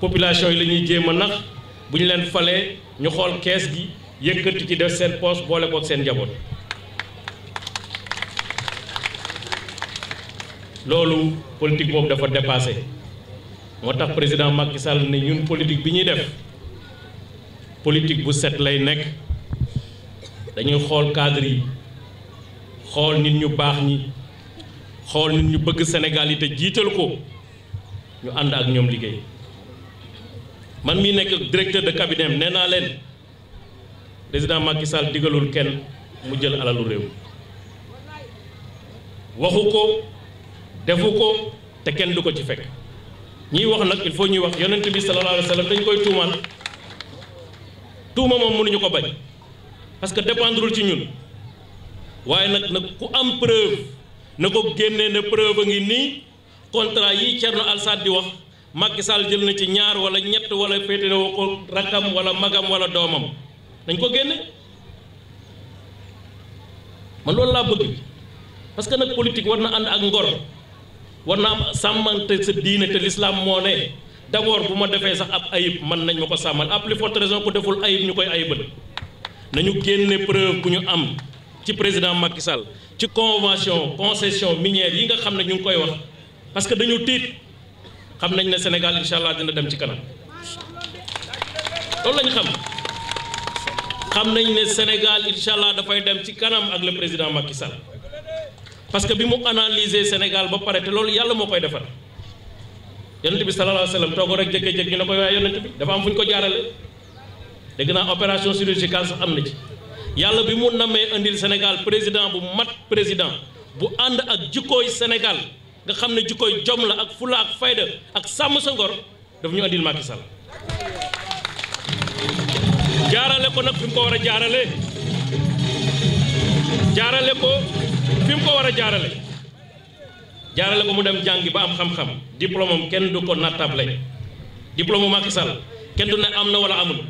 population yi lañuy ñuy jéem a nax bu ñu leen falee ñu xool kees gi yëkkati ci def seen poche boole kook seen njaboot loolu politique boobu dafa dépassé moo tax président Macky Sall ne ñun politique bi ñuy def politique bu set lay nekk dañuy xool cadre yi xool nit ñu baax ñi xool nit ñu bëgg Sénégal yi te jiital ko ñu ànd ak ñoom liggéey man mii nekk directeur de cabinet nee naa leen président Macky Sall digalul kenn mu jël alalu réew waxu ko defu ko te kenn du ko ci fekk ñiy wax nag il faut ñuy wax yonent bi sallallahu alayhi wa dañ koy tuumaal tuuma moom mënuñu ko bañ parce que dépendrul ci ñun waaye nag nag ku am preuve na ko génnee ne preuve a ngi nii contrat yi Thierno Alassane di wax Macky Sall jël na ci ñaar wala ñett wala féetale woo ko rakkam wala magam wala doomam dañ ko génne man loolu laa bëgg parce que nag politique war na ànd ak ngor war na am sàmmante sa diine te lislaam moo ne d'abord bu ma defee sax ab ayib man nañ ma ko sàmmal ab li raison ku deful ayib ñu koy ay ayibal nañu génne preuve bu ñu am ci président Macky Sall ci convention concession minière yi nga xam ne ñu ngi koy wax parce dañu tiit xam nañ ne Sénégal incha allah dina dem ci kanam loolu lañ xam xam nañ ne Sénégal incha dafay dem ci kanam ak la président Macky Sall parce que bi mu analyser Sénégal ba pare te loolu yàlla moo koy defar yonent bi sallallahu alayhi wa sallam toogoo rek jékkee-jékki ñu ne ko waaye yonent bi dafa am fu ñu ko jaarale dégg naa opération chirurgicale sax am na ci yàlla bi mu namee indil Sénégal président bu mat président bu ànd ak jikkooy Sénégal nga xam ne jikkoy jom la ak fula ak fayda ak sàmm sa ngor daf ñu andil Macky jaarale ko nag fi mu ko war a jaarale jaarale ko fi mu war a jaarale jaarale ko mu dem jàng ba am xam-xam diplôme am kenn du ko nattable diplôme Macky Sall kenn du ne am na wala amul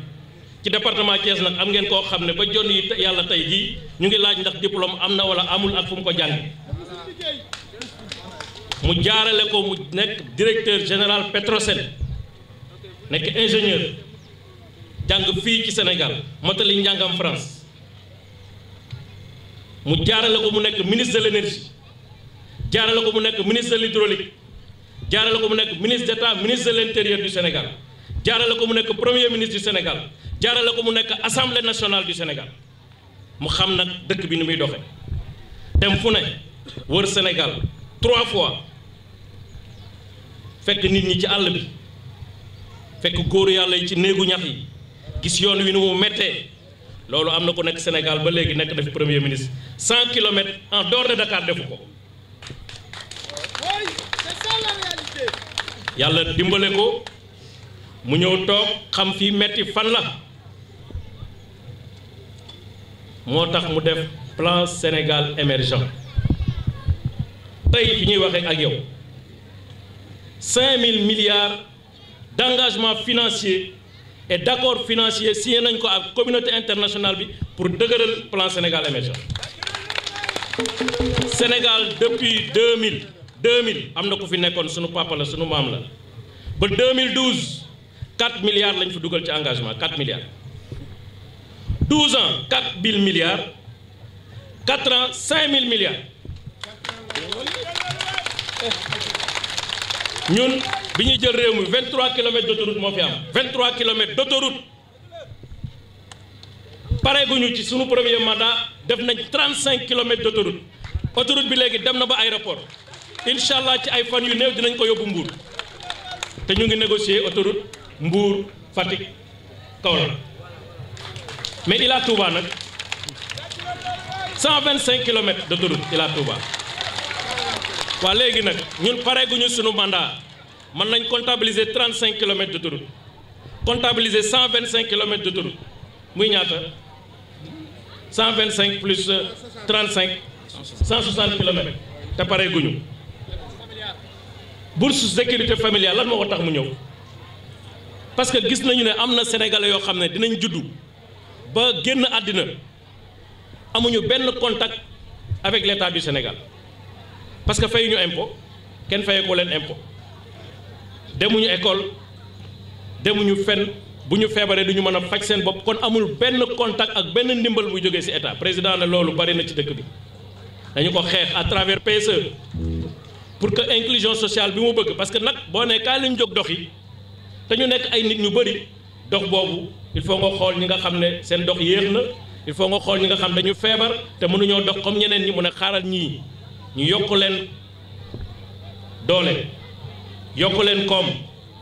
ci département Thiès nag am ngeen koo xam ne ba jon yi yàlla tey jii ñu ngi laaj ndax diplôme am na wala amul ak fu mu ko jàngi mu jaarale ko mu nekk directeur général Petrosen nekk ingénieur jàng fii ci Sénégal motali njàngam France mu jaarale ko mu nekk ministre de l'énergie jaarale ko mu nekk ministre de l'hydraulique jaarale ko mu nekk ministre d'État ministre de l'intérieur du Sénégal jaarale ko mu nekk premier ministre du Sénégal jaarale ko mu nekk assemblée nationale du Sénégal mu xam nag dëkk bi ni muy doxe dem fu ne wër Sénégal trois fois fekk nit ñi ci àll bi fekk góor yàlla yi ci néegu ñax yi gis yoon wi ni mu méttee loolu am na ku nekk Sénégal ba léegi nekk dafa premier ministre cent kilomètres en dehors de Dakar defu ko yàlla dimbale ko mu ñëw toog xam fii metti fan la moo tax mu def plan Sénégal émergent tey fi ñuy waxee ak yow cinq mille milliards d' engagement financier et d' accord financier si nañ ko ak communauté internationale bi pour dëgëral plan Sénégal émergent Sénégal depuis 2000 2000 am na ko fi nekkoon sunu papa la sunu maam la ba 2012 4 milliards lañ fi dugal ci engagement 4 milliards 12 ans 4 mille milliards 4 ans 5 mille milliards. ñun bi ñuy jël réew mi 23 kilomètres d'autoroute moo fi am 23 kilomètres d'autoroute pareeguñu ci sunu premier mandat def nañ 35 kilomètres d'autoroute autoroute bi léegi dem na ba aéroport incha allah ci ay fan yu néew dinañ ko yóbbu Mbour te ñu ngi négocier autoroute Mbour Fatick Kaolack mais di Ila Touba nag 125 kilomètres d'autoroute Ila Touba. waa léegi nag ñun ñu sunu mandat mën nañ comptabiliser trente cinq kilomètres d'autoroute comptabiliser cent vingt cinq kilomètres d'autoroute muy ñaata cent vingt cinq plus euh, trente cinq cent soixante kilomètres te pare guñu bourse sécurité familiale lan moo ko tax mu ñëw parce que gis nañu ne am na sénégalais yoo xam ne dinañ juddu ba génn àddina amuñu benn contact avec l'état du Sénégal parce que fayuñu impôt kenn faye ko leen impôt demuñu école demuñu fenn bu ñu feebaree du mën a faj seen bopp kon amul benn contact ak benn ndimbal bu jógee ci état président ne loolu bari na ci dëkk bi dañu ko xeex à travers PSE pour que inclusion sociale bi mu bëgg parce que nag boo nee kaay lañ jóg dox yi te ñu nekk ay nit ñu bëri dox boobu il faut nga xool ñi nga xam ne seen dox yéex na il faut nga xool ñi nga xam ne dañu feebar te mënuñoo dox comme ñeneen ñi mu ne xaaral ñii ñu yokk leen doole. yokk leen koom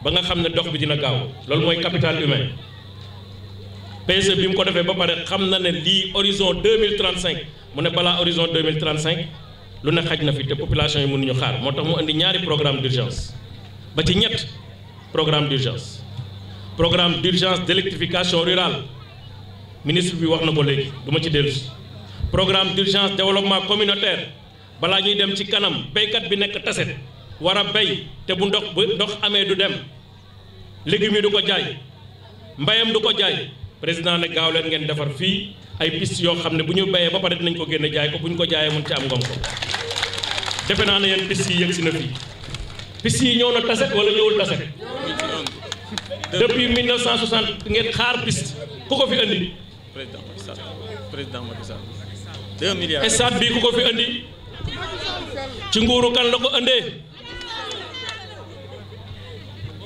ba nga xam ne dox bi dina gaaw loolu mooy capital humain PSE bi mu ko defee ba pare xam na ne lii horizon 2035 mu ne balaa horizon 2035 lu ne xaj na fi te population yi mënuñu xaar moo tax mu indi ñaari programme d'urgence ba ci ñett programme d'urgence programme d'urgence d'électrification rural ministre bi wax na ko léegi du ma ci dellusi programme d'urgence développement communautaire balaa ñuy dem ci kanam béykat bi nekk taset war a bay te bu ndox bu ndox amee du dem légumes yi du ko jaay mbayam du ko jaay président ne gaaw leen ngeen defar fii ay piste yoo xam ne bu ñu bayee ba pare dinañ ko génne jaay ko bu ñu ko jaayee mun ci am ngom ko defe naa ne yéen piste yi yëg si na fii piste yi ñëw na taset wala ñëwul taset depuis 1960 ngeen xaar piste ku ko fi andi. président Macky président Macky Sall. 2 milliards bi ku ko fi andi. ci nguuru kan la ko indee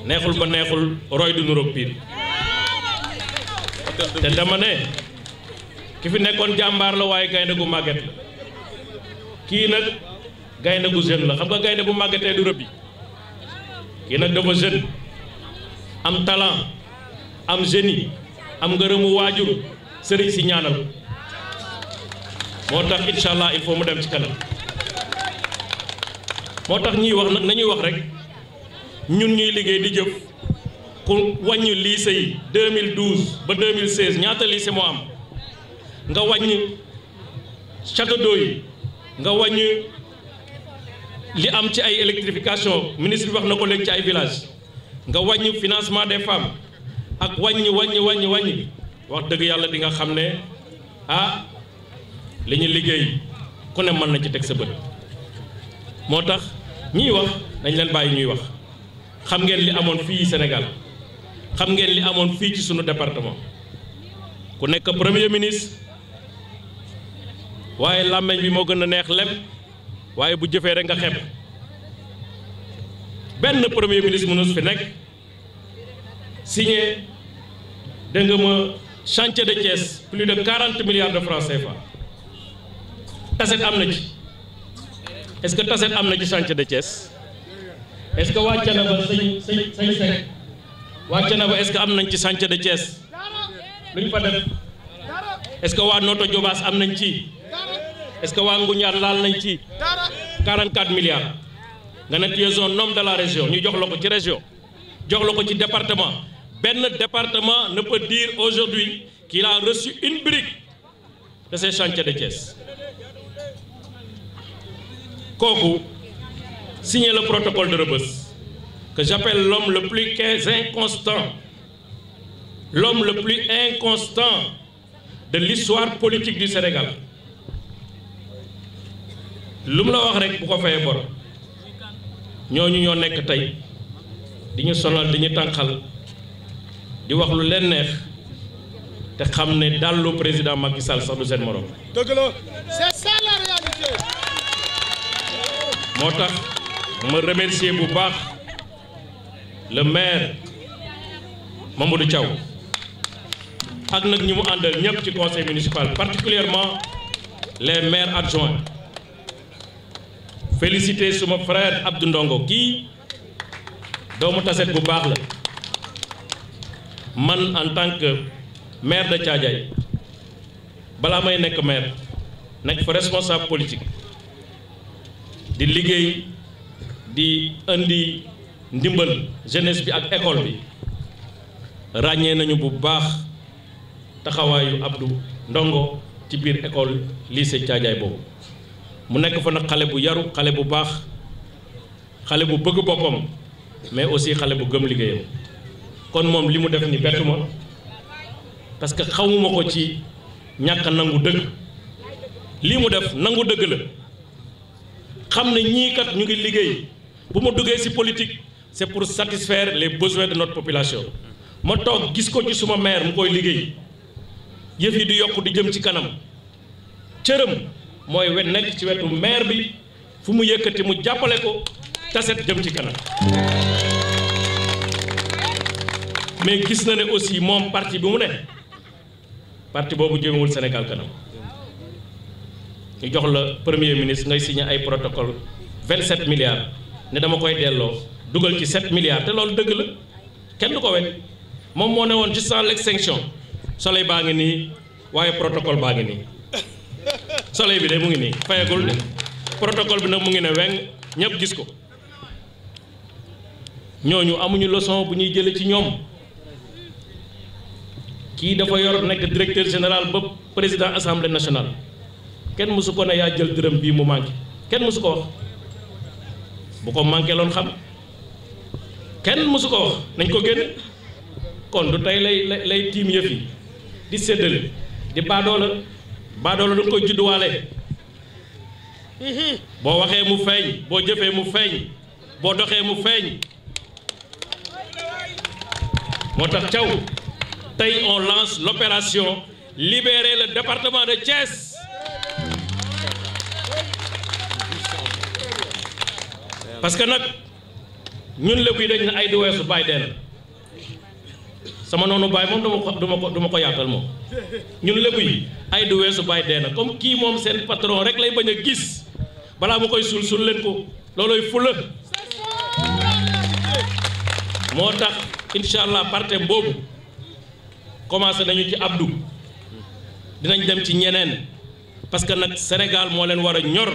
neexul ba neexul roy du nuroog piir te dama ne ki fi nekkoon jàmbaar la waaye gaynde gu màgget la kii nag gaynde gu jeune la xam nga gaynde bu màggetee du rëbbi kii nag dafa jeune am talent am génie am ngërëmu waajur sëriñ si ñaanal moo tax incha allah il faut mu dem ci kanam moo tax ñiy wax nag nañuy wax rek ñun ñuy liggéey di jëf ku wàññi lycée yi 2012 ba 2016 ñaata lycée moo am nga wàññi château d'eau nga wàññi li am ci ay électrification ministre wax na ko léegi ci ay village nga wàññi financement des femmes ak wàññi wàññi wàññi wàññi wax dëgg yàlla di nga xam ne ah li ñu liggéey ku ne mën na ci teg sa bët moo tax ñiy wax dañ leen bàyyi ñuy wax xam ngeen li amoon fii senegal xam ngeen li amoon fii ci sunu département ku nekk premier ministre waaye làmmeñ bi moo gën a neex lem waaye bu jëfee rek nga xeeb benn premier ministre mënus fi nekk signé dégg nga ma chantier de Thiès plus de 40 milliards de francs CFA taset am na ji est-ce que taset am na ji sance de Thiès. est-ce que wàcce na ba sëñ sëñ wàcce na ba est-ce que am nañ ci chantier de Thiès luñ fa def est-ce que waa Notto Diobass am nañ ci est-ce que waa Ngoundiane laal nañ ci 44 milliards nga ne tu es un homme de la région ñu jox la ko ci résion jox la ko ci département benn département ne peut dire aujourd'hui qu'il a reçu une brique de ces chantiers de Thiès kooku signé la protocole de Rebeuss que j'appelle l'homme le plus inconstant l'homme le plus inconstant de l'histoire politique du Sénégal lu mu la wax rek bu ko fayee bor ñooñu ñoo nekk tey di ñu sonal di ñu tànqal di wax lu leen neex te xam ne dallu président Macky Sall sax du seen morom. dëgg la c'est ça moo tax. ma remercier bu baax le maire Mamadou caw ak nag ñi mu àndal ñëpp ci conseil municipal particulièrement les maires adjoints féliciter suma frère Abdou Ndongo kii doomu taset bu baax la man en tant que maire de Thiadiaye balaa may nekk maire nekk fa responsable politique di liggéey di indi ndimbal jeunesse bi ak école bi ràññee nañu bu baax taxawaayu Abdou Ndongo ci biir école lycée caajaay boobu mu nekk fa nag xale bu yaru xale bu baax xale bu bëgg boppam mais aussi xale bu gëm liggéeyam kon moom li mu def ni bettu ma parce que xawuma ko ci ñàkk nangu dëgg lii mu def nangu dëgg la xam na ñii kat ñu ngi liggéey bu ma duggee ci politique c'est pour satisfaire les besoins de notre population ma toog gis ko ci suma maire mu koy liggéey yëf yi di yokk di jëm ci kanam cëram mooy wet nekk ci wetu maire bi fu mu yëkkati mu jàppale ko taset jëm ci kanam mais gis na ne aussi moom parti bi mu ne parti boobu jëmewul Sénégal kanam ñu jox la premier ministre ngay si signé ay protocole 27 milliards ne dama koy delloo dugal ci 7 milliards te loolu dëgg la kenn du ko wet moom moo ne woon juste avant l'extinction soleil baa ngi nii waaye protocole baa ngi nii soleil bi de mu ngi nii fayagul de protocole bi nag mu ngi ne weng ñëpp gis ko ñooñu amuñu leçon bu ñuy jële ci ñoom kii dafa yor nekk directeur général ba président assemblée nationale kenn mësu ko ne yaa jël dërëm bii mu manqué kenn mësu ko bu ko manqué loon xam kenn mësu ko wax nañ ko génn kon du tey lay lay tiim yëf di séddale di baadoola baadoola danga koy judduwaale boo waxee mu feeñ boo jëfee mu feeñ boo doxee mu feeñ moo tax caw tey on lance l'opération libérer le département de Thiès parce que nag ñun lépp yi dañ ne ay di weesu bàyyi dee na sama noonu baay moom duma ko duma ko duma ko yaatal moom ñun lépp yi ay du weesu baay dee na comme kii moom seen patron rek lay bañ a gis balaa moo koy suul suul leen ko loolooy fula moo tax incha allah parte boobu commencé nañu ci Abdou dinañ dem ci ñeneen parce que nag Sénégal moo leen war a ñor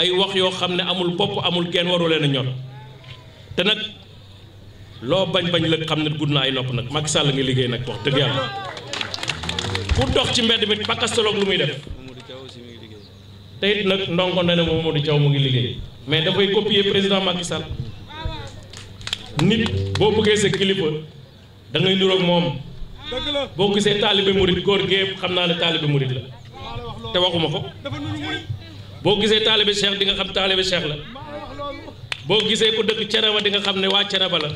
ay wax yoo xam ne amul bopp amul genn waru leen a ñor te nag loo bañ bañ la xam ne gudd na ay nopp nag Macky Sall ngi liggéey nag wax dëgg yàlla ku dox ci mbedd mi pakastaloog lu muy def te it nag ndongo ne moo di Thiaw mu ngi liggéey mais dafay copier président Macky Sall nit boo bëggee sa kilifa da ngay niroog moom boo gisee taalibe murit góor géeb xam naa ne taalibe murit la te waxuma ko boo gisee taalibe cheikh di nga xam taalibe cheikh la boo gisee ku dëkk cereba di nga xam ne waa cereba la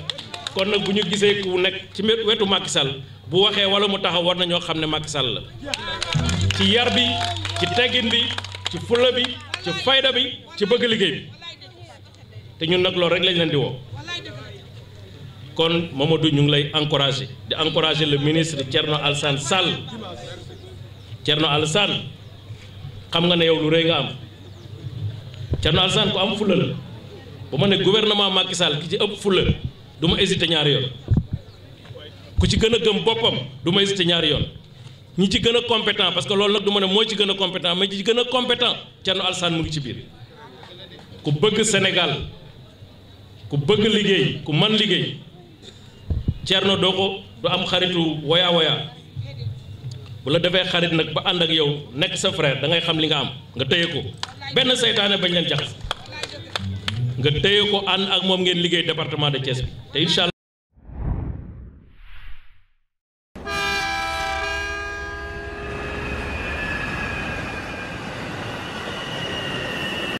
kon nag bu ñu gisee ku nekk ci wetu Macky Sall bu waxee wala mu taxaw war nañoo xam ne Macky Sall la ci yar bi ci teggin bi ci fulla bi ci fayda bi ci bëgg liggéey bi te ñun nag loolu rek lañ leen di woo kon moom du ñu ngi lay encouragé di encouragé le ministre Thierno Alassane Sall Thierno Alassane xam nga ne yow lu rëy nga am. Thierno Alassane ku am fulla la ba ma ne gouvernement Macky Sall ki ci ëpp fulla du ma hésité ñaari yoon ku ci gën a gëm boppam du ma hésité ñaari yoon ñi ci gën a compétent parce que loolu nag du ma ne moo ci gën a compétent mais ñi gën a compétent Thierno Alassane mu ngi ci biir ku bëgg Sénégal ku bëgg liggéey ku man liggéey Thierno doo ko du am xaritu woya woya bu la defee xarit nag ba ànd ak yow nekk sa frère da ngay xam li nga am nga téye ko benn seytaane bañ leen jaxas nga téye ko ànd ak moom ngeen liggéey département de Thiès bi